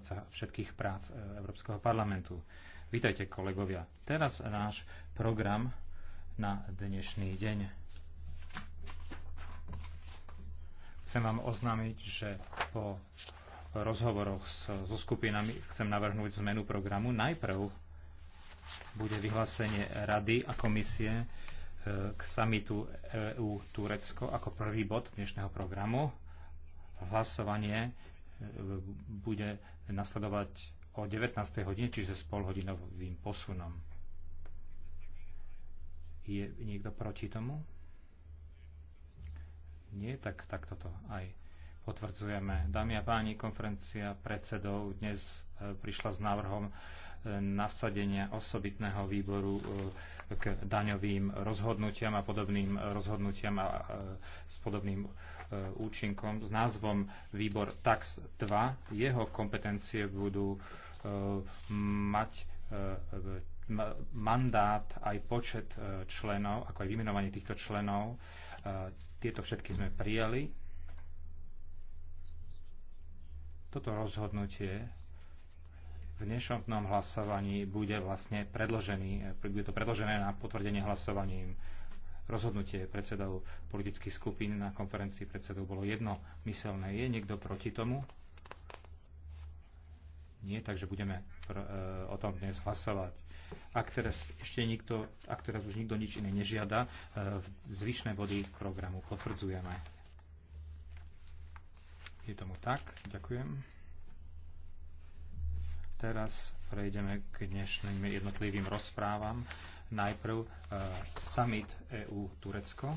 práca všetkých prác e, Európskeho parlamentu. Vítajte, kolegovia. Teraz náš program na dnešný deň. Chcem vám oznámiť, že po rozhovoroch so skupinami chcem navrhnúť zmenu programu. Najprv bude vyhlásenie Rady a komisie e, k samitu EU-Turecko ako prvý bod dnešného programu. Hlasovanie bude nasledovať o 19. hodine, čiže s polhodinovým posunom. Je niekto proti tomu? Nie, tak takto to aj potvrdzujeme. Dámy a páni, konferencia predsedov dnes e, prišla s návrhom e, nasadenia osobitného výboru e, k daňovým rozhodnutiam a podobným rozhodnutiam a s podobným účinkom s názvom výbor TAX 2. Jeho kompetencie budú mať mandát, aj počet členov, ako aj vymenovanie týchto členov. Tieto všetky sme prijali. Toto rozhodnutie v dnešnom hlasovaní bude vlastne predložený, bude to predložené na potvrdenie hlasovaním. Rozhodnutie predsedov politických skupín na konferencii predsedov bolo jednomyselné. Je niekto proti tomu? Nie, takže budeme e, o tom dnes hlasovať. Ak teraz, ešte nikto, ak teraz už nikto nič iné nežiada, e, zvyšné body programu potvrdzujeme. Je tomu tak. Ďakujem. Teraz prejdeme k dnešným jednotlivým rozprávam. Najprv uh, summit EU-Turecko.